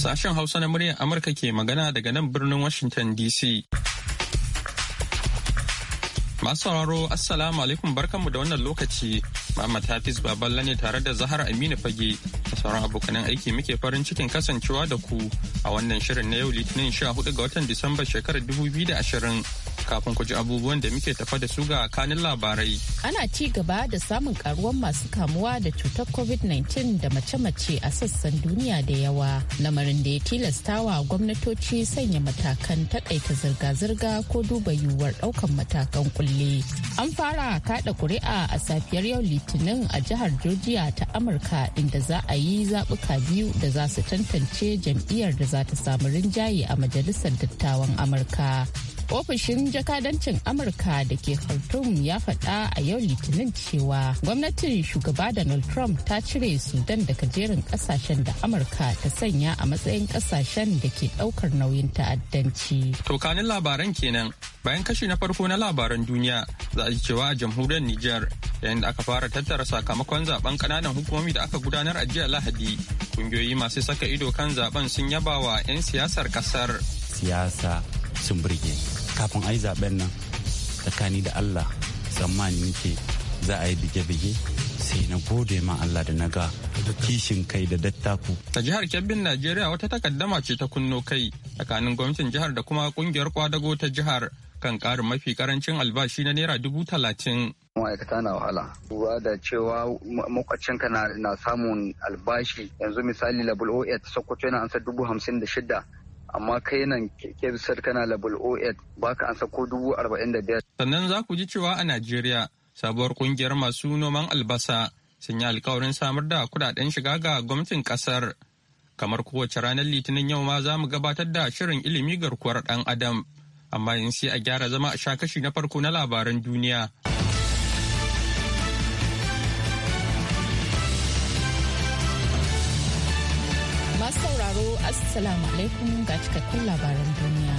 Sashen Hausa na muryar Amurka ke magana daga nan birnin Washington DC. Masu sauraro Assalamu alaikum barkanmu da wannan lokaci. Muhammad Hafiz Baballa ne tare da Zahar Aminu Fage da sauran abokanan aiki muke farin cikin kasancewa da ku a wannan shirin na yau Litinin 14 ga watan Disamba shekarar 2020. kafin ku abubuwan da muke tafa da su ga kanin labarai. Ana ci gaba da samun karuwan masu kamuwa da cutar COVID-19 da mace-mace a sassan duniya da yawa. Lamarin da ya tilastawa gwamnatoci sanya matakan taƙaita zirga-zirga ko duba yiwuwar daukan matakan kulle. An fara kaɗa kuri'a a safiyar yau Litinin a jihar Georgia ta Amurka inda za a yi zaɓuka biyu da za su tantance jam'iyyar da za ta samu rinjaye a majalisar dattawan Amurka. ofishin jakadancin amurka da ke khartoum ya faɗa a yau litinin cewa gwamnatin shugaba donald trump ta cire sudan daga jerin kasashen da amurka ta sanya a matsayin kasashen da ke ɗaukar nauyin ta'addanci tokanin labaran kenan bayan kashi na farko na labaran duniya za a ji cewa a jamhuriyar niger yayin da aka fara tattara sakamakon zaben kananan hukumomi da aka gudanar a jiya lahadi kungiyoyi masu saka ido kan zaben sun yaba wa 'yan siyasar kasar siyasa sun burge kafin a yi zaben nan tsakani da allah tsammani nake za a yi bige-bige sai na gode ma allah da na ga kishin kai da dattaku ta jihar kebbin najeriya wata takaddama ce ta kunno kai tsakanin gwamnatin jihar da kuma kungiyar kwadago ta jihar kan karin mafi karancin albashi na naira dubu talatin ma'aikata na wahala kuwa da cewa ka na samun albashi yanzu misali level oh ta sokoto yana ansa dubu hamsin da shida amma kai nan kebisar kana level 08 baka ansa ko dubu arba'in da biyar. sannan za ku ji cewa a najeriya sabuwar kungiyar masu noman albasa sun yi alkawarin samar da kudaden shiga ga gwamnatin kasar kamar kowace ranar litinin yau ma za mu gabatar da shirin ilimi garkuwar dan adam amma in sai a gyara zama a sha kashi na farko na labaran duniya. Assalamu alaikum ga cikakkun labaran duniya.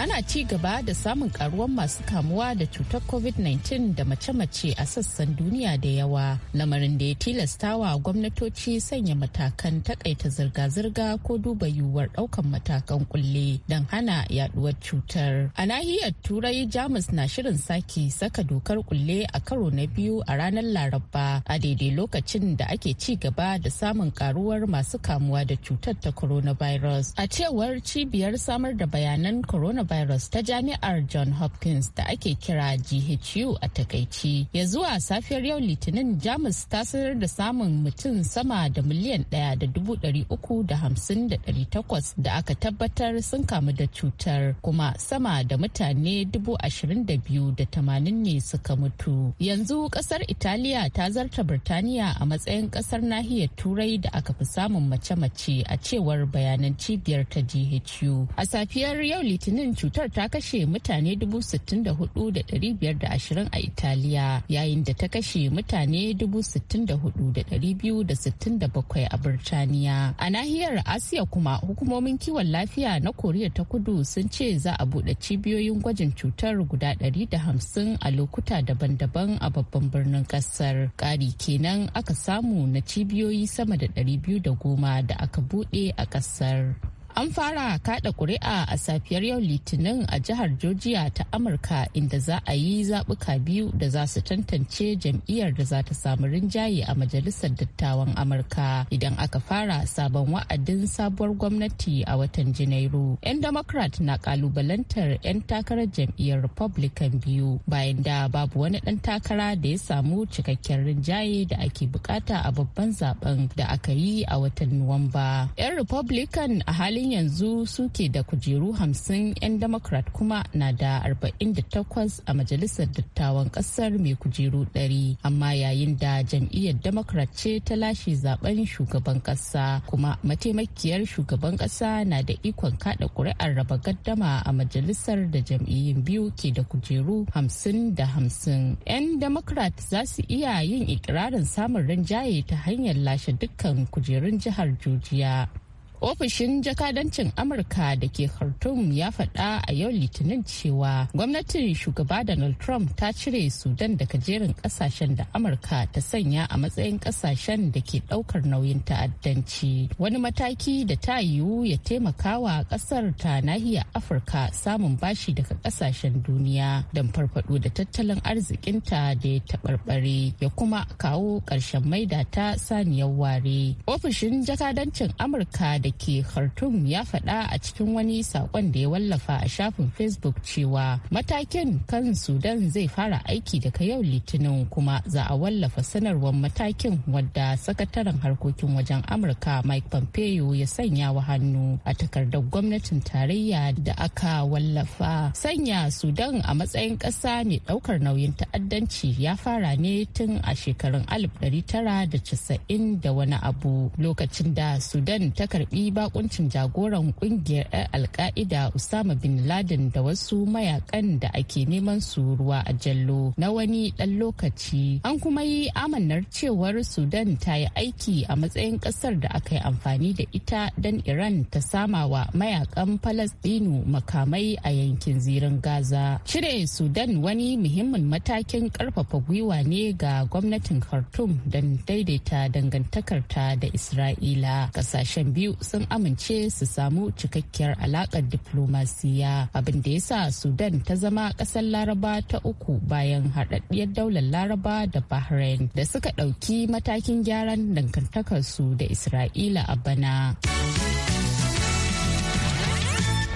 ana ci gaba da samun karuwar masu kamuwa da cutar covid-19 da mace-mace a sassan duniya da yawa lamarin da ya tilastawa gwamnatoci sanya matakan takaita zirga-zirga ko duba yiwuwar daukan matakan kulle don hana yaduwar cutar a nahiyar turai jamus na shirin sake saka dokar kulle a karo na biyu a ranar laraba a daidai lokacin da ake ci gaba da samun karuwar masu kamuwa da cutar ta coronavirus a cewar cibiyar samar da bayanan coronavirus coronavirus ta jami'ar John Hopkins da ake kira GHU a takaici. Ya zuwa safiyar yau Litinin Jamus ta sanar da samun mutum sama da miliyan ɗaya da dubu ɗari uku da hamsin da ɗari takwas da aka tabbatar sun kamu da cutar kuma sama da mutane dubu ashirin da biyu da tamanin ne suka mutu. Yanzu kasar Italiya ta zarta Birtaniya a matsayin kasar nahiyar Turai da aka fi samun mace-mace a cewar bayanan cibiyar ta GHU. A safiyar yau Litinin cutar ta kashe mutane 64,520 a Italiya yayin da ta kashe mutane 64,267 a Birtaniya. A nahiyar Asiya kuma hukumomin kiwon lafiya na Koriya ta kudu sun ce za a buɗe cibiyoyin gwajin cutar guda 150 a lokuta daban-daban a babban birnin ƙasar. Ƙari kenan aka samu na cibiyoyi sama da 210 da aka buɗe a ƙasar. An fara kada kuri'a a safiyar yau Litinin a jihar Georgia ta Amurka inda za a yi zaɓuka biyu da za su tantance jam'iyyar da za ta samu rinjaye a Majalisar Dattawan Amurka idan aka fara sabon wa'adin sabuwar gwamnati a watan Janairu. 'Yan Democrat na kalubalantar 'yan takarar jam'iyyar Republican biyu bayan da babu wani ɗan takara da ya samu cikakken rinjaye da ake bukata a babban zaben da aka yi a watan Nuwamba. 'Yan Republican a halin yanzu yanzu suke da kujeru 50 'yan democrat kuma na da 48 a majalisar dattawan kasar mai kujeru 100 amma yayin da jam'iyyar democrat ce ta lashe zaben shugaban kasa kuma mataimakiyar shugaban kasa na da ikon kada kuri'ar raba gaddama a majalisar da jam'iyyun biyu ke da kujeru 50 da 50 'yan democrat za su iya yin ikirarin samun rinjaye ta hanyar lashe dukkan kujerun jihar jujiya ofishin jakadancin amurka da ke khartoum ya faɗa a yau litinin cewa gwamnatin shugaba donald trump ta cire sudan daga jerin kasashen da amurka ta sanya a matsayin ƙasashen da ke ɗaukar nauyin ta'addanci wani mataki da ta yiwu ya taimaka wa ƙasar ta nahiyar afirka samun bashi daga ƙasashen duniya don farfaɗo da tattalin arzikinta da ya taɓarɓare ya kuma kawo ƙarshen maida ta saniyar ware ofishin jakadancin amurka da da ke khartoum ya faɗa a cikin wani saƙon da ya wallafa a shafin facebook cewa matakin kan sudan zai fara aiki daga yau litinin kuma za a wallafa sanarwar matakin wadda sakataren harkokin wajen amurka mike pompeo ya sanya wa hannu a takardar gwamnatin tarayya da aka wallafa sanya sudan a matsayin ƙasa ne ɗaukar nauyin ta'addanci ya fara ne tun a shekarun 1990 da wani abu lokacin da sudan ta karbi karbi bakuncin jagoran kungiyar 'yan alka'ida usama bin laden da wasu mayakan da ake neman su ruwa a jallo na wani dan lokaci an kuma yi amanar cewar sudan ta yi aiki a matsayin kasar da aka yi amfani da ita don iran ta sama wa mayakan palestinu makamai a yankin zirin gaza cire sudan wani muhimmin matakin karfafa gwiwa ne ga gwamnatin khartum don daidaita dangantakarta da isra'ila kasashen biyu sun amince su samu cikakkiyar alakar diplomasiya abin da ya sa sudan ta zama kasar laraba ta uku bayan haɗaɗɗiyar daular laraba da bahrain da suka ɗauki matakin gyaran dangantakarsu da isra'ila a bana.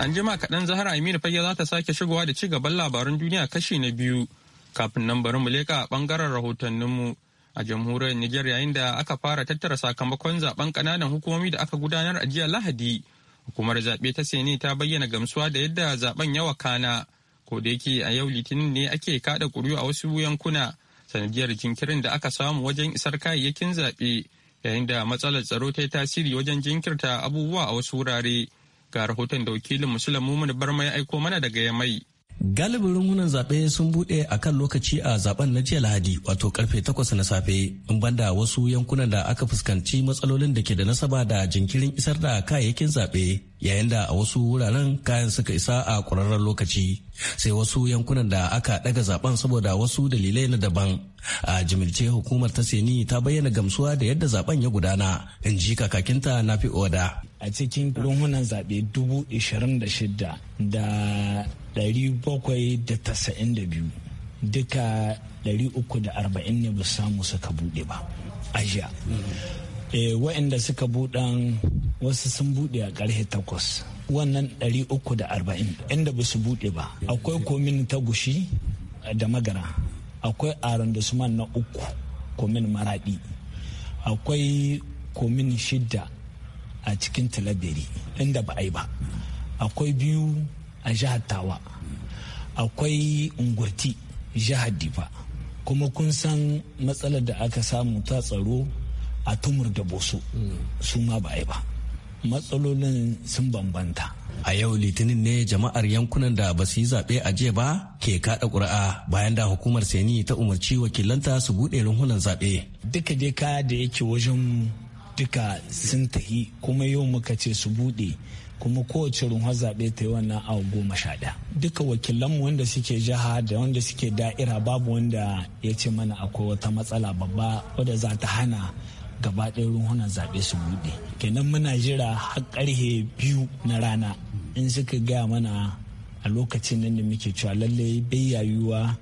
An jima kaɗan Zahra Aminu fage za ta sake shigowa da ci gaban labarun duniya kashi na biyu. Kafin nan bari mu leka a ɓangaren rahotanninmu a jamhuriyar Nijar yayin da aka fara tattara sakamakon zaben kananan hukumomi da aka gudanar a jiya Lahadi. Hukumar zaɓe ta Sene ta bayyana gamsuwa da yadda zaben yawa kana Ko da yake a yau Litinin ne ake kaɗa ƙuri'u a wasu yankuna sanadiyar jinkirin da aka samu wajen isar kayayyakin zaɓe yayin da matsalar tsaro ta yi tasiri wajen jinkirta abubuwa a wasu wurare. Ga rahoton da wakilin musulman Mumin Barma ya aiko mana daga Yamai. galibin rungunan zaɓe sun buɗe a kan lokaci a zaben na jiya lahadi wato karfe 8 na safe in banda wasu yankunan da aka fuskanci matsalolin da ke da nasaba da jinkirin isar da kayayyakin zaɓe yayin da a wasu wuraren kayan suka isa a ƙwararren lokaci sai wasu yankunan da aka ɗaga zaben saboda wasu dalilai na daban a jimilce hukumar ta seni ta bayyana gamsuwa da yadda zaben ya gudana in ji kakakinta na fi oda a cikin runhunan zaɓe dubu ishirin da da ɗari bakwai da da biyu duka ɗari uku da arba'in ne ba samu suka buɗe ba ajiya eh, waɗanda suka buɗan wasu sun buɗe a ƙarfe takwas wannan ɗari uku da arba'in inda ba su buɗe ba akwai komin ta gushi da magana akwai aron da na uku komin maraɗi akwai komin shidda a cikin tilaberi inda ba a yi ba akwai biyu a jihar tawa akwai ungurti jihar difa kuma kun san matsalar da aka samu ta tsaro a tumur da boso su ma ba a yi ba matsalolin sun bambanta a yau litinin ne jama'ar yankunan da ba su yi zaɓe a jiya ba ke kaɗa ƙuri'a bayan da hukumar seni ta umarci wakilanta su buɗe runhunan zaɓe duka dai kaya da yake wajen duka sun tahi kuma yau muka ce su buɗe kuma kowace runwa zaɓe ta yi wannan awa goma sha ɗaya duka wakilanmu wanda suke jiha da wanda suke da'ira babu wanda ya ce mana akwai wata matsala babba wadda za ta hana gaba ɗaya runhunan zaɓe su buɗe kenan muna jira har ƙarhe biyu na rana in suka gaya mana a lokacin nan da muke cewa lallai bai yayuwa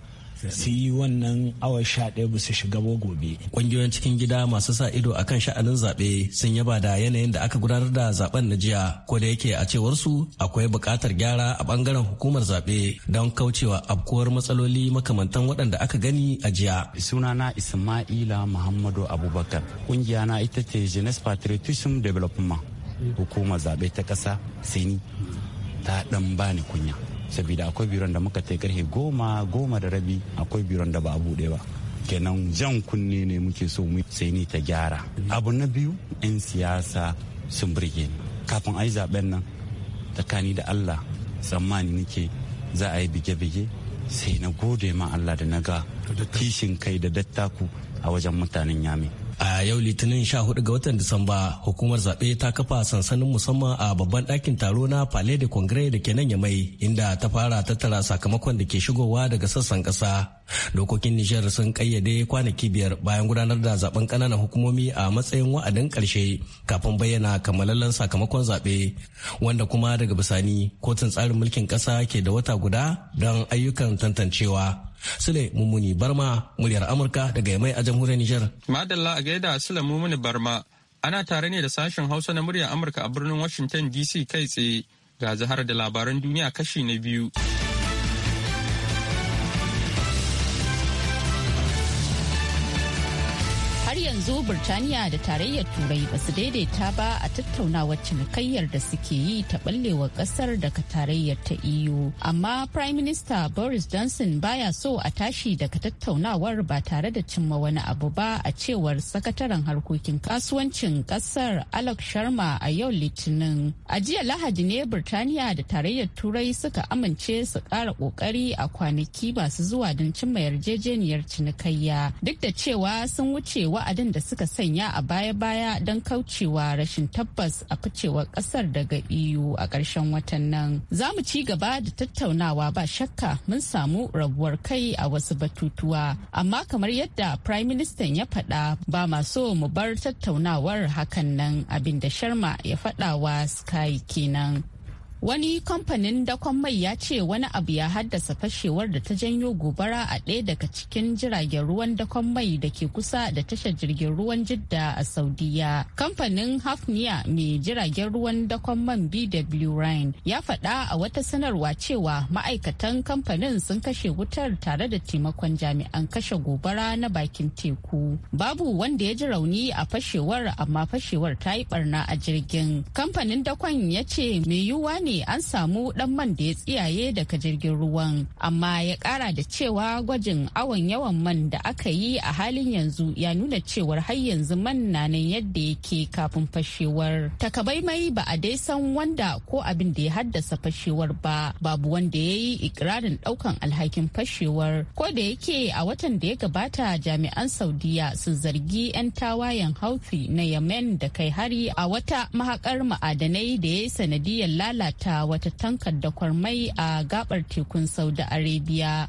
su yi wannan awa sha ɗaya ba su shiga ba gobe. Ƙungiyoyin cikin gida masu sa ido a kan sha'anin zaɓe sun yaba da yanayin da aka gudanar da zaɓen na jiya ko da yake a cewar su akwai buƙatar gyara a ɓangaren hukumar zaɓe don kaucewa afkuwar matsaloli makamantan waɗanda aka gani a jiya. Sunana Ismaila Muhammadu Abubakar. Ƙungiya na ita ce Jeunesse Patriotism Development. Hukumar zaɓe ta ƙasa Sini ta ɗan bani kunya. saboda akwai biron da muka ta karfe goma goma da rabi akwai biron da ba a buɗe ba kenan jan kunne ne muke so mu sai ni ta gyara abu na biyu 'yan siyasa sun burge ni kafin a yi zaben nan tsakani da allah tsammani nake za a yi bige-bige sai na gode ma allah da na ga kishin kai da dattaku a wajen mutanen yami a yau litinin 14 ga watan disamba hukumar zaɓe ta kafa sansanin musamman a babban ɗakin taro na palais de congrès da ke nan ya mai inda ta fara tattara sakamakon da ke shigowa daga sassan ƙasa dokokin nijar sun ƙayyade kwanaki biyar bayan gudanar da zaben ƙananan hukumomi a matsayin wa'adin ƙarshe kafin bayyana kammalallen sakamakon zaɓe wanda kuma daga bisani kotun tsarin mulkin ƙasa ke da wata guda don ayyukan tantancewa Sule Mummuni Barma muryar Amurka daga Yamai a jamhuriyar Nijar. Madalla a gaida Sule mumuni Barma ana tare ne da sashen Hausa na muryar Amurka a birnin Washington DC kai tsaye ga zahar da labaran duniya kashi na biyu. yanzu Birtaniya da tarayyar Turai ba su daidaita ba a tattaunawar cinikayyar da suke yi ta ɓallewa ƙasar daga tarayyar ta EU. Amma Prime Minister Boris Johnson baya so a tashi daga tattaunawar ba tare da cimma wani abu ba a cewar sakataren harkokin kasuwancin ƙasar Alok Sharma a yau Litinin. A jiya Lahadi ne Birtaniya da tarayyar Turai suka amince su ƙara ƙoƙari a kwanaki masu zuwa don cimma yarjejeniyar cinikayya duk da cewa sun wuce wa'adin da suka sanya a baya-baya don kaucewa rashin tabbas a ficewar kasar daga EU a ƙarshen watan nan. Za mu ci gaba da tattaunawa ba shakka mun samu rabuwar kai a wasu batutuwa. Amma kamar yadda Prime Minister ya faɗa ba ma so mu bar tattaunawar hakan nan abin da Sharma ya faɗa wa Sky kenan. wani kamfanin dakon mai ya ce wani abu ya haddasa fashewar da ta janyo gobara a ɗaya daga cikin jiragen ruwan dakon mai da ke kusa da tashar jirgin ruwan jidda a saudiya kamfanin hafnia mai jiragen ruwan dakon man bw ryan ya faɗa a wata sanarwa cewa ma'aikatan kamfanin sun kashe wutar tare da taimakon jami'an kashe gobara na bakin teku babu wanda ya ji rauni a fashewar amma fashewar ta yi barna a jirgin kamfanin dakon ya ce mai yiwuwa ne ne an samu dan man da ya tsiyaye daga jirgin ruwan amma ya kara da cewa gwajin awon yawan man da aka yi a halin yanzu ya nuna cewar har yanzu man na nan yadda yake kafin fashewar takabaimai ba a dai san wanda ko abin da ya haddasa fashewar ba babu wanda ya yi ikirarin daukan alhakin fashewar ko da yake a watan da ya gabata jami'an saudiya sun zargi 'yan tawayen hauti na yemen da kai hari a wata mahakar ma'adanai da ya yi sanadiyar lalata ta wata tankar da kwarmai a gabar tekun Saudi Arabia.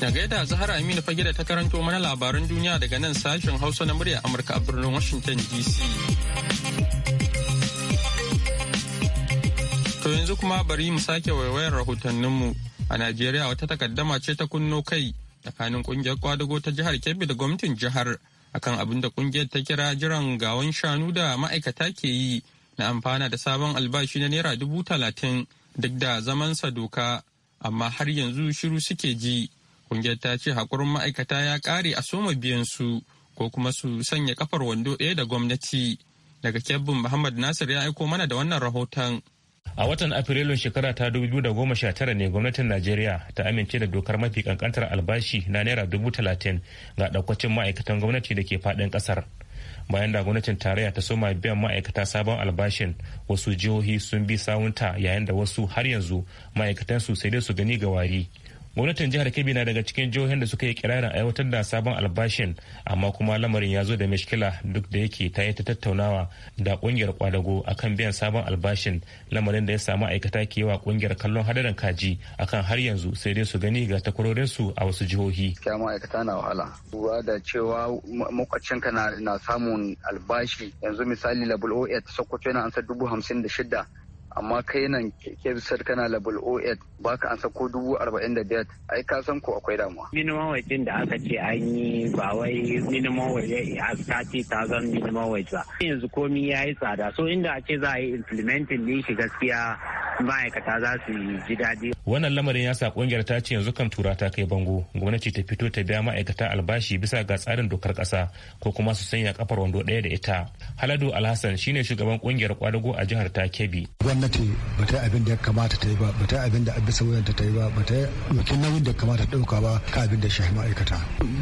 na gaida Zahara Aminu fage da ta karanto mana labaran duniya daga nan sashen Hausa na murya Amurka a birnin Washington DC. To yanzu kuma bari mu sake waiwayar rahotanninmu a Najeriya wata takaddama ce ta kunno kai tsakanin kungiyar kwadago ta jihar Kebbi da gwamnatin jihar akan abin da kungiyar ta kira jiran gawan shanu da ma'aikata ke yi na amfana da sabon albashi na naira dubu talatin duk da zamansa doka amma har yanzu shiru suke ji kungiyar ta ce hakurin ma'aikata ya ƙare a soma biyan su ko kuma su sanya kafar wando ɗaya da gwamnati daga kebbin muhammad nasir ya aiko mana da wannan rahoton A watan Afrilun shekara ta 2019 ne gwamnatin Najeriya ta amince da dokar mafi kankantar albashi na Naira dubu talatin ga daukacin ma'aikatan gwamnati da ke fadin kasar Bayan da gwamnatin tarayya ta soma biyan ma'aikata sabon albashin wasu jihohi sun bi sawunta yayin da wasu har yanzu ma'aikatan su sai dai su gani ga wari. gwamnatin jihar kebbi na daga cikin jihohin da suka yi kirarin aiwatar da sabon albashin amma kuma lamarin ya zo da mishkila duk da yake ta yi ta tattaunawa da kungiyar kwadago akan biyan sabon albashin lamarin da ya samu aikata ke wa kungiyar kallon hadarin kaji akan har yanzu sai dai su gani ga takwarorinsu a wasu jihohi. kya ma'aikata na wahala kuma da cewa ka na samun albashi yanzu misali level 8 sokoto yana ansa dubu hamsin da shida amma kai nan kebisar kana level 08 baka an sako dubu arba'in da biyar ai ka san ko akwai damuwa. minimum wage da aka ce an yi ba wai minimum wage a sati ta zan minimum wage ba yanzu komi ya yi tsada so inda a ce za a yi implementing ne shi gaskiya ma'aikata za su ji daɗi. Wannan lamarin ya sa ƙungiyar ta ce yanzu kan tura ta kai bango gwamnati ta fito ta biya ma'aikata albashi bisa ga tsarin dokar ƙasa ko kuma su sanya kafar wando ɗaya da ita. Haladu Alhassan shine shugaban ƙungiyar kwadago a jihar ta Kebbi. Gwamnati ba ta abin da ya kamata ta yi ba ba ta abin da bisa wuyanta ta yi ba ba ta ɗauki nauyin da kamata ta ɗauka ba ka abin da shahi ma'aikata.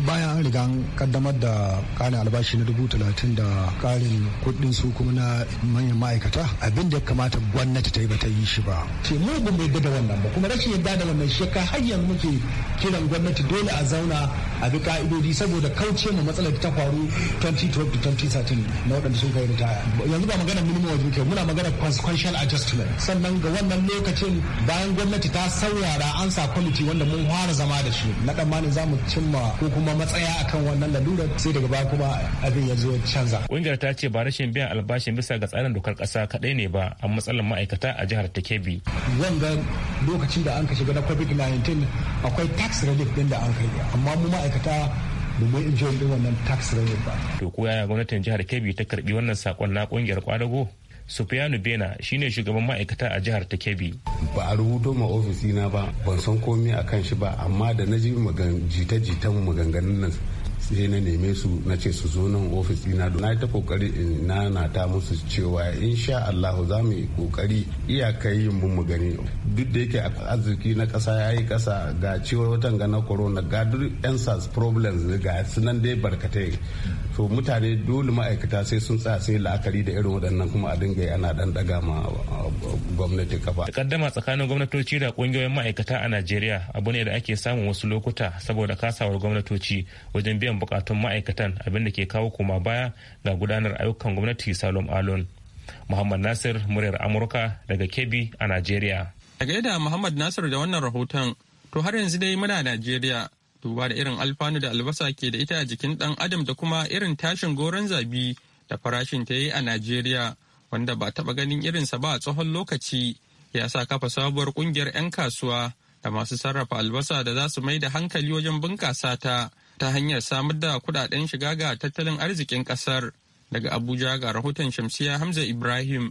Bayan an riga kaddamar da ƙarin albashi na dubu talatin da ƙarin kuɗin su kuma na manyan ma'aikata abin da ya kamata gwamnati ta yi ba ta yi shi ba ce mu ba mu da wannan ba kuma rashin yadda da wannan shekka har yanzu muke kiran gwamnati dole a zauna a bi ka'idodi saboda kauce ma matsalar ta faru 2012 to 2013 na waɗanda sun kai ritaya yanzu ba magana minimum wajen muke muna magana consequential adjustment sannan ga wannan lokacin bayan gwamnati ta saurara an sa kwamiti wanda mun fara zama da shi na tsammanin za mu cimma ko kuma matsaya akan wannan lalurar sai daga baya kuma abin ya zo canza ƙungiyar ta ce ba rashin biyan albashin bisa ga tsarin dokar ƙasa kaɗai ne ba a matsalar ma'aikata a jihar take kebbi ga lokacin da an ka shiga na covid-19 akwai tax relief din da an kai amma mu ma'aikata ba mu injiyon din wannan tax relief ba to ko yaya gwamnatin jihar kebbi ta karbi wannan sakon na kungiyar kwadago Sufiyanu Bena shine shugaban ma'aikata a jihar ta Kebbi. Ba a rubuto ma ofisina ba, ban san komai a kan shi ba, amma da na ji jita-jitan maganganun nan sai na neme su na ce su zo nan ofis dina na yi ta kokari in na ta musu cewa insha Allah za mu yi kokari kai yin mu gani duk da yake arziki na kasa ya yi kasa ga cewa watan ga na corona ga duk yan problems ga sunan dai barkatai so mutane dole ma'aikata sai sun tsaya sai la'akari da irin waɗannan kuma a dinga ana dan daga ma ah, gwamnati kafa takaddama tsakanin gwamnatoci da kungiyoyin ma'aikata a Najeriya abu ne da ake samun wasu lokuta saboda kasawar gwamnatoci wajen biyan bukatun ma'aikatan abin da ke kawo koma baya ga gudanar ayyukan gwamnati Salon Alon Muhammad Nasir muryar Amurka daga Kebbi a Najeriya daga yadda Muhammad Nasir da wannan rahoton to har yanzu dai muna Najeriya duba da irin alfanu da albasa ke da ita a jikin ɗan adam da kuma irin tashin goron zabi da farashin ta yi a najeriya wanda ba taba ganin irinsa ba a tsohon lokaci ya sa kafa sabuwar ƙungiyar 'yan kasuwa da masu sarrafa albasa da za su mai da hankali wajen bunkasa ta ta hanyar samar da kudaden shiga ga tattalin arzikin kasar daga abuja ga rahoton shamsiya hamza ibrahim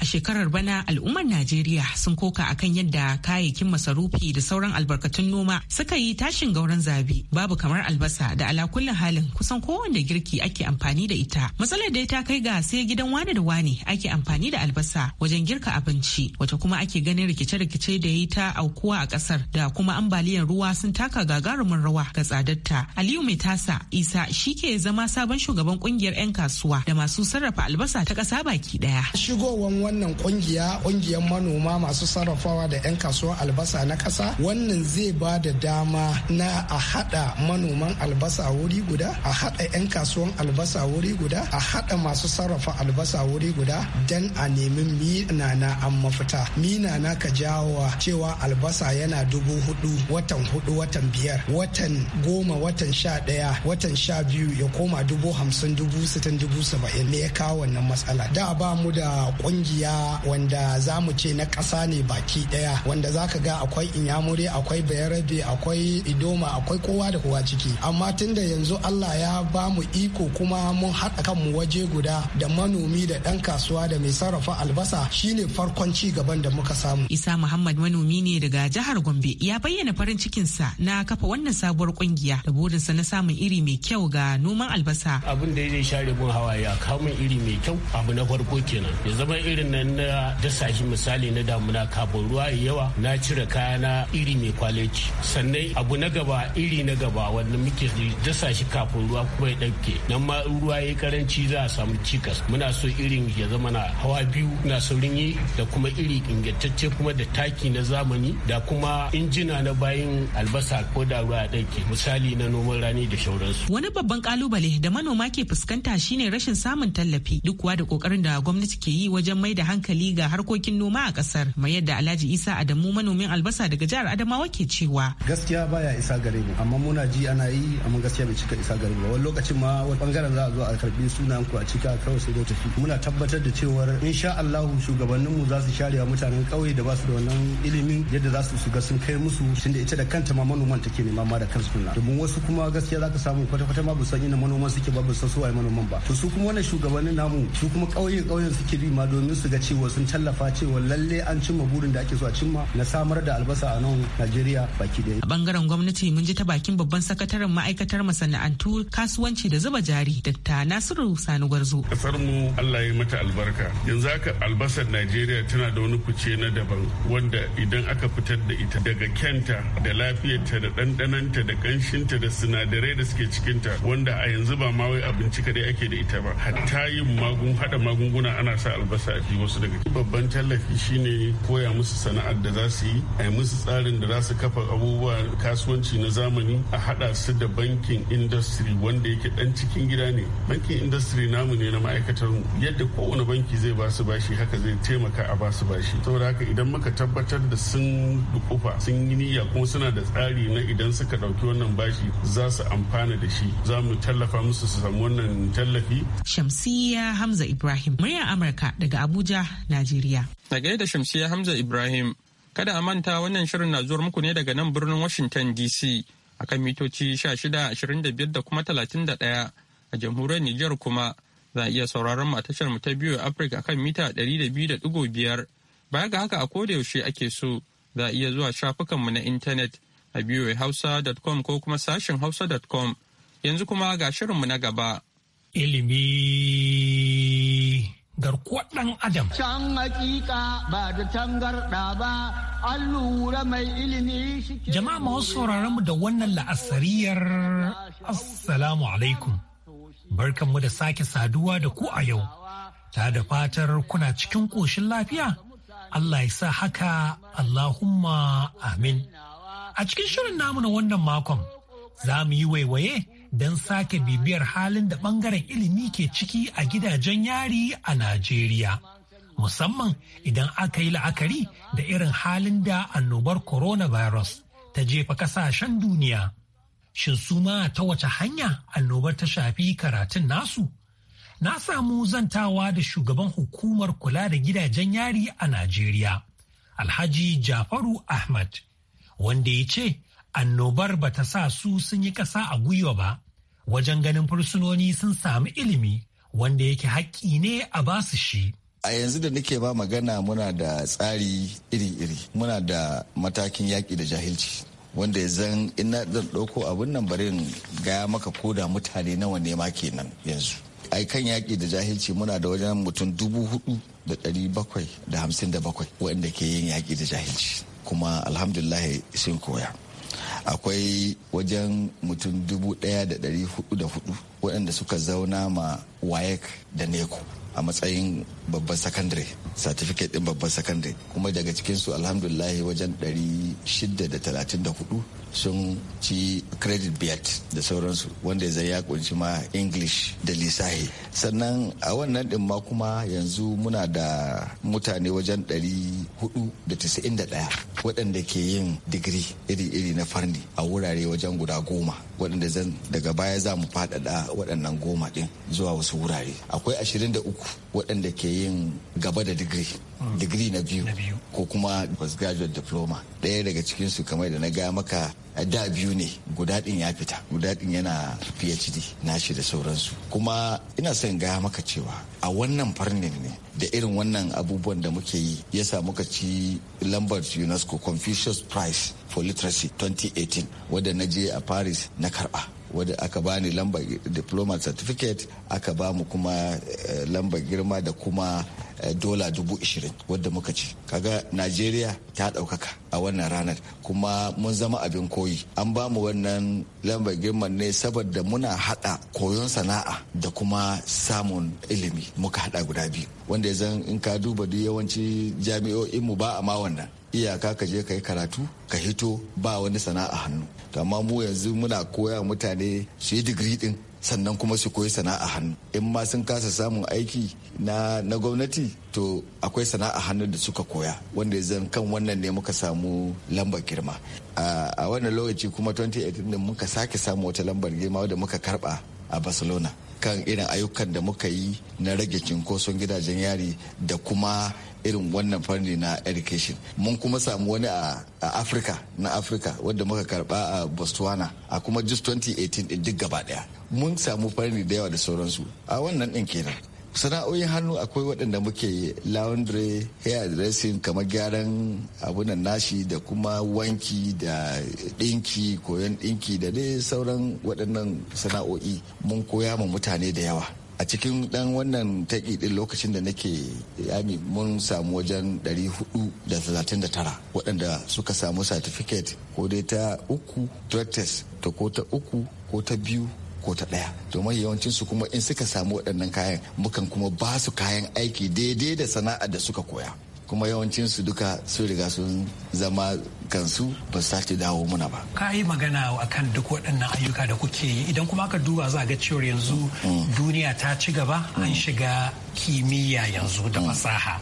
A shekarar bana al'ummar Najeriya sun koka akan yadda kayayyakin masarufi da sauran albarkatun noma suka yi tashin gauran zabi babu kamar albasa da alakullin halin kusan kowanne girki ake amfani da ita. Matsalar da ya ta kai ga sai gidan wane da wane ake amfani da albasa wajen girka abinci wata kuma ake ganin rikice-rikice da yi ta aukuwa a kasar da kuma ambaliyar ruwa sun taka gagarumin rawa ga tsadarta. Aliyu mai tasa Isa shi ke zama sabon shugaban kungiyar 'yan kasuwa da masu sarrafa albasa ta ƙasa baki ɗaya. Shigowan wannan ƙungiya ƙungiyar manoma masu sarrafawa da 'yan kasuwar albasa na kasa wannan zai ba da dama na a haɗa manoman albasa wuri guda a haɗa 'yan kasuwan albasa wuri guda a haɗa masu sarrafa albasa wuri guda dan a nemi mina na an mafita mina na ka jawowa cewa albasa yana dubu hudu watan hudu watan biyar watan goma watan sha ɗaya watan sha biyu ya koma dubu hamsin dubu sitin dubu saba'in ne ya kawo wannan matsala da ba mu da kungiya. kungiya wanda za mu ce na ƙasa ne baki ɗaya wanda za ka ga akwai inyamuri akwai bayarabe akwai idoma akwai kowa da kowa ciki amma tun da yanzu allah ya ba mu iko kuma mun haɗa kanmu waje guda da manomi da ɗan kasuwa da mai sarrafa albasa shine farkon ci gaban da muka samu isa muhammad manomi ne daga jihar gombe ya bayyana farin cikinsa na kafa wannan sabuwar kungiya da burinsa na samun iri mai kyau ga noman albasa abin da ya share mun hawaye a mun iri mai kyau abu na farko kenan ya zama iri irin nan na dasa shi misali na damuna kafin ruwa ya yawa na cire kayana iri mai kwaleci sannan abu na gaba iri na gaba wanda muke dasa shi kafin ruwa kuma ya ɗauke nan ma ruwa ya karanci za a samu cikas muna so irin ya zama na hawa biyu na saurin yi da kuma iri ingantacce kuma da taki na zamani da kuma injina na bayan albasa ko da ruwa ya ɗauke misali na noman rani da shauransu. Wani babban kalubale da manoma ke fuskanta shine rashin samun tallafi duk da kokarin da gwamnati ke yi wajen mai mai da hankali ga harkokin noma a kasar mai yadda alhaji isa adamu manomin albasa daga jihar adamawa ke cewa gaskiya baya isa gare mu amma muna ji ana yi amma gaskiya bai cika isa gare mu wani lokacin ma wani bangaren za a zo a karbi sunan ku a cika kawai sai tafi muna tabbatar da cewar insha Allahu shugabannin mu za su share wa mutanen kauye da ba su da wannan ilimin yadda za su su ga sun kai musu da ita da kanta ma manoman take nema ma da kansu na domin wasu kuma gaskiya za ka samu kwata kwata ma san ina manoman suke ba san su manoman ba to su kuma wannan shugabannin namu su kuma kauye kauyen suke bi ma domin su ga cewa sun tallafa cewa lalle an cimma burin da ake so a cimma na samar da albasa a nan Najeriya baki daya. A bangaren gwamnati mun ji ta bakin babban sakataren ma'aikatar masana'antu kasuwanci da zuba jari Dr. Nasiru Sani Gwarzo. Kasar mu Allah ya mata albarka. Yanzu haka albasar Najeriya tana da wani kuce na daban wanda idan aka fitar da ita daga kyanta da lafiyarta da ɗanɗananta da ƙanshinta da sinadarai da suke cikinta wanda a yanzu ba ma wai abinci kadai ake da ita ba hatta yin magun haɗa magunguna ana sa albasa a tallafi wasu daga babban tallafi shine koya musu sana'ar da za su yi a yi musu tsarin da za su kafa abubuwa kasuwanci na zamani a hada su da bankin industry wanda yake dan cikin gida ne bankin industry namu ne na ma'aikatar mu yadda kowane banki zai ba su bashi haka zai taimaka a ba su bashi saboda haka idan muka tabbatar da sun dukufa sun yi niyya kuma suna da tsari na idan suka dauki wannan bashi za su amfana da shi za mu tallafa musu su samu wannan tallafi shamsiya hamza ibrahim murya amurka daga Abuja, Najeriya. Na da Shamsiya Hamza Ibrahim, kada a manta wannan shirin na zuwa muku ne daga nan birnin Washington DC akan mitoci 1625 da kuma 31 a jamhuriyar Nijar kuma. za a iya sauraron mu a tashar mu ta biyu Afirka akan mita 200.5 baya ga haka a koda yaushe ake so za a iya zuwa shafukanmu na intanet a hausa.com ko kuma sashen hausa.com yanzu kuma ga shirinmu na gaba ilimi garkuwar ɗan adam. Can hakika ba da tangarɗa ba, an lura mai ilimi shi Jama'a masu sauraron mu da wannan la'asariyar Assalamu alaikum. Barkanmu da sake saduwa da ku a yau, ta da fatar kuna cikin ƙoshin lafiya? Allah ya sa haka Allahumma amin. A cikin shirin namu na wannan makon, za mu yi waiwaye don sake bibiyar halin da bangaren ilimi ke ciki a gidajen yari a Najeriya. Musamman idan aka yi la'akari da irin halin da annobar coronavirus ta jefa kasashen duniya. Shin su ma ta wace hanya annobar ta shafi karatun nasu? Na samu zantawa da shugaban hukumar kula da gidajen yari a Najeriya, Alhaji Jafaru Ahmad, wanda ya ce annobar ba ta sa su sun yi ƙasa a gwiwa ba wajen ganin fursunoni sun sami ilimi wanda yake haƙƙi ne a ba su shi. a yanzu da nake ba magana muna da tsari iri-iri muna da matakin yaƙi da jahilci wanda zan ina zan ɗauko abin nan barin gaya maka koda mutane nawa ne ma kenan yanzu ai kan yaƙi da jahilci muna da wajen mutum dubu hudu da ɗari bakwai da hamsin da bakwai waɗanda ke yin yaƙi da jahilci kuma alhamdulillah sun koya akwai wajen mutum dubu ɗaya da ɗari hudu da hudu waɗanda suka zauna ma wayek da neko a matsayin babban sakandare certificate din babban sakandare kuma daga cikinsu alhamdulillahi wajen 634 sun ci credit biyat e da sauransu wanda zai ya kunshi ma english da lisahi sannan a wannan din ma kuma yanzu muna da mutane wajen 491 waɗanda ke yin digiri iri-iri na farni a wurare wajen guda goma waɗanda zan daga baya za mu faɗaɗa waɗannan goma ɗin zuwa wasu wurare akwai 23 waɗanda ke yin gaba da digiri mm. digiri na biyu ko kuma postgraduate diploma ɗaya daga cikinsu kamar da na ga maka da biyu ne guda ɗin ya fita guda ɗin yana phd nashi da sauransu kuma ina son gaya maka cewa a wannan farnin ne da irin wannan abubuwan da muke yi ya samu ka ci lambar unesco confucius prize for literacy 2018 wadda na je a paris na karɓa. wadda aka bani lambar diploma certificate aka ba mu kuma eh, lambar girma da kuma Eh, dola dubu ishirin wadda muka ci kaga najeriya ta ɗaukaka a wannan ranar kuma mun zama abin koyi an ba mu wannan lambar girman ne saboda muna haɗa koyon sana'a da kuma samun ilimi muka haɗa guda biyu wanda ya zan in ka duba duk yawanci jami'o'in mu ba a ma wannan iyaka ka je ka yi karatu ka hito ba wani sana'a hannu amma mu yanzu muna koya mutane su yi digiri din sannan kuma su koyi sana'a hannu in ma sun kasa samun aiki na na gwamnati to akwai sana'a hannu da suka koya wanda zan kan wannan ne muka samu lambar girma a wannan lokaci kuma 2018 din muka sake samu wata lambar girma da muka karba a barcelona kan irin ayyukan da muka yi na rage cinkoson gidajen yari da kuma irin wannan fanni na education mun kuma samu wani a afirka na afirka wadda muka karba a botswana a kuma just 2018 in duk gaba daya mun samu fanni da yawa da sauransu a wannan din kenan sana'o'in hannu akwai waɗanda muke laundry hair dressing kamar gyaran abunan nashi da kuma wanki da ɗinki koyon ɗinki da dai sauran waɗannan sana'o'i mun koya ma mutane da yawa a cikin dan wannan taƙi ɗin lokacin da nake yami mun samu wajen 439 waɗanda suka samu certificate ko dai ta uku test ta ko ta uku ko ta biyu ko ta ɗaya domin yawancin su kuma in suka samu waɗannan kayan mukan kuma ba su kayan aiki daidai da sana'a da suka koya kuma su duka sun riga sun zama kansu ba su sake dawo muna ba. Ka yi magana a kan duk waɗannan ayyuka da kuke yi idan kuma aka duba za ga cewar yanzu mm. duniya ta ci gaba an mm. shiga kimiyya yanzu da mm. fasaha.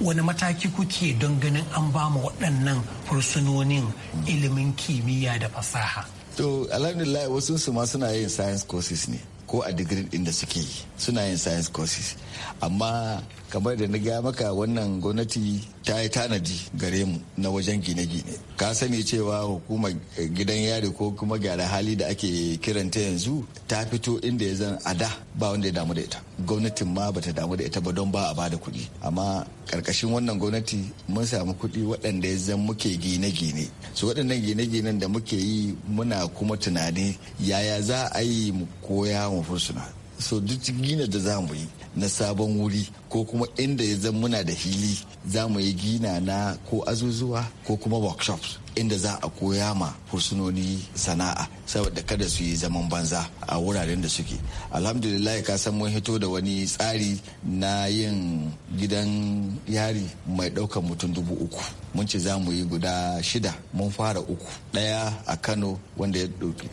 Wani mataki kuke don ganin an ba mu waɗannan fursunonin ilimin kimiyya da fasaha? To alhamdulillah wasu su ma suna yin science courses ne ko a digirin ɗin da suke yi suna yin science courses amma kamar da na gaya maka wannan gwamnati ta yi tanadi gare mu na wajen gine-gine ka sani cewa hukumar gidan yari ko kuma gyara hali da ake kiranta yanzu ta fito inda ya zan a da ba wanda ya damu da ita gwamnatin ma bata damu da ita ba don ba a bada kuɗi amma karkashin wannan gwamnati mun samu kuɗi waɗanda ya zan muke gine-gine su waɗannan gine-ginen da muke yi muna kuma tunani yaya za a yi mu koya mu fursuna so duk gina da za mu yi na sabon wuri ko kuma inda ya zan muna da hili za mu yi gina na ko azuzuwa ko kuma workshops inda za a koya ma fursunoni sana'a saboda kada su yi zaman banza a wuraren da suke alhamdulillah ka san mun hito da wani tsari na yin gidan yari mai ɗaukar mutum dubu uku mun ce za mu yi guda shida mun fara uku ɗaya a kano wanda ya ɗauki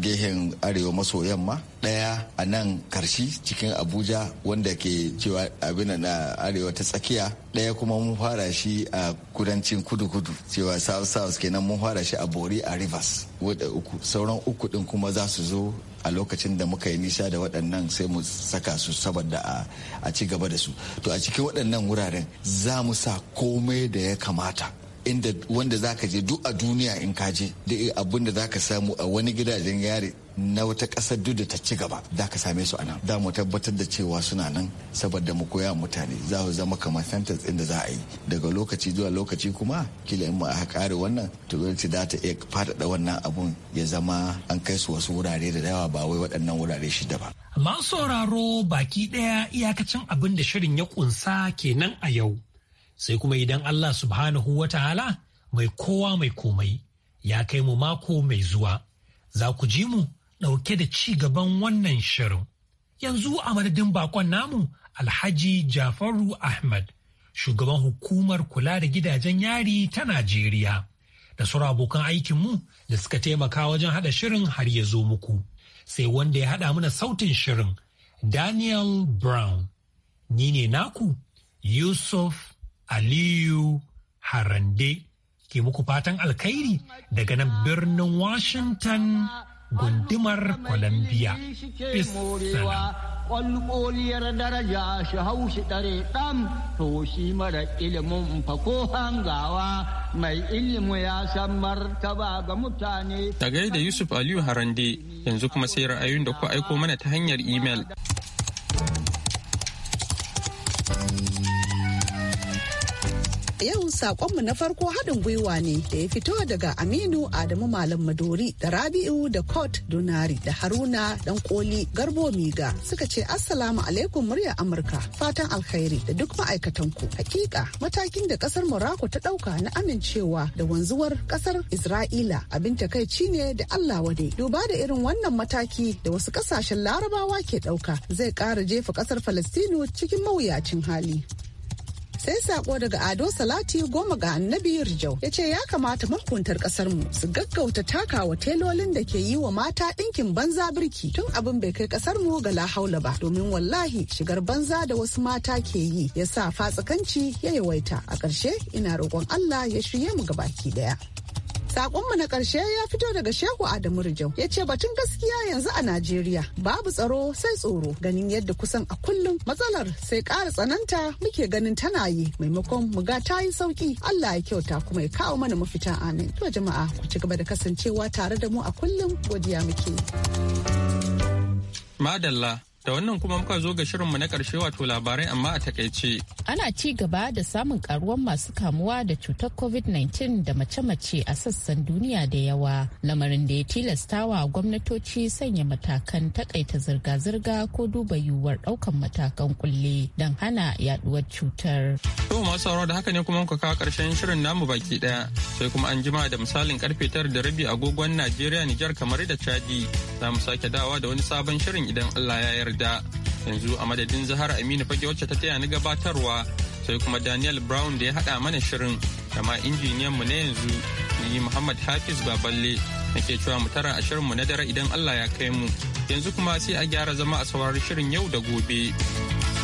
gehen arewa maso yamma ɗaya a nan karshi cikin abuja wanda ke cewa abin na arewa ta tsakiya ɗaya kuma mun fara shi a kudancin kudu kudu cewa south south kenan mun fara shi a bori a rivers wadda uku sauran uku din kuma za su zo a lokacin da muka yi nisa da waɗannan sai mu saka su saboda a ci gaba da su to a cikin waɗannan wuraren za mu sa komai da ya kamata inda wanda zaka je duk a duniya in ka je da abin da zaka samu a wani gidajen yari na wata ƙasar duk da ta ci gaba da ka same su a nan da mu tabbatar da cewa suna nan saboda mu koya mutane za su zama kamar sentence ɗin da za a yi daga lokaci zuwa lokaci kuma kila in ma a kare wannan to gwamnati za ta iya faɗaɗa wannan abun ya zama an kai su wasu wurare da yawa ba wai waɗannan wurare shi da ba. Masu sauraro baki ɗaya iyakacin abin da shirin ya ƙunsa kenan a yau. Sai kuma idan Allah subhanahu wa ta'ala mai kowa mai komai ya kai mu mako mai zuwa. Za ku ji mu ɗauke da ci gaban wannan shirin. Yanzu a madadin bakon namu Alhaji Jafaru Ahmad, shugaban hukumar kula da gidajen yari ta Najeriya, da sauran abokan aikinmu da suka taimaka wajen haɗa shirin har ya zo muku. Sai wanda ya haɗa mana sautin shirin, Daniel Brown. Ni ne naku, Yusuf Aliyu Harande, ke muku fatan alkhairi daga nan birnin Washington. gundumar Columbia. Kwalkoliyar daraja shi hau shi ɗare ɗan to shi mara ilimin fako hangawa mai ilimi ya san martaba ga mutane. Daga da Yusuf Aliyu Harande yanzu kuma sai ra'ayoyin da ku aiko mana ta hanyar imel. Yau sakonmu na farko haɗin gwiwa ne da ya fito daga Aminu Adamu Malam Madori da Rabi'u da Kot Donari da Haruna Dan Koli Garbo Miga suka ce Assalamu alaikum murya Amurka fatan alkhairi da duk ma'aikatanku. ku. Hakika matakin da kasar Morocco ta ɗauka na amincewa da wanzuwar kasar Isra'ila abin takaici ne da Allah wade. Duba da irin wannan mataki da wasu kasashen Larabawa ke ɗauka zai ƙara jefa kasar Falastinu cikin mawuyacin hali. sai sako daga ado salati goma ga annabi rijau ya ce ya kamata mahukuntar kasar mu su gaggauta takawa telolin da ke yi wa mata dinkin banza birki tun abin bai kai kasar mu ga lahaula ba domin wallahi shigar banza da wasu mata ke yi ya sa fatsakanci ya yawaita a ƙarshe ina roƙon allah ya shirye mu gabaki daya Sakonmu na ƙarshe ya fito daga Shehu Adamu Rijau ya ce batun gaskiya yanzu a Najeriya babu tsaro sai tsoro ganin yadda kusan a kullum matsalar sai ƙara tsananta muke ganin tana yi maimakon mu ga ta yi sauki Allah ya kyauta kuma ya kawo mana mafita amin. To jama'a ku ci gaba da kasancewa tare da mu a kullum godiya muke. Madalla Da wannan kuma muka zo ga shirinmu na ƙarshe wato labarai amma a takaice. Ana ci gaba da samun karuwan masu kamuwa da cutar COVID-19 da mace-mace a sassan duniya da yawa. Lamarin da ya tilastawa gwamnatoci sanya matakan takaita zirga-zirga ko duba yiwuwar ɗaukan matakan kulle don hana yaduwar cutar. To masu sauraro da haka ne kuma muka kawo ƙarshen shirin namu baki ɗaya. Sai kuma an jima da misalin karfe tara da rabi agogon Najeriya Nijar kamar da Chadi. Za mu sake dawa da wani sabon shirin idan Allah ya yarda. da yanzu a madadin Zahar Aminu fage wacce ta taya ni gabatarwa sai kuma Daniel Brown da ya haɗa mana shirin da injiniyan mu na yanzu ni Muhammad Hafiz Baballe nake cewa mu tara a shirin mu na dare idan Allah ya kai mu yanzu kuma sai a gyara zama a saurari shirin yau da gobe.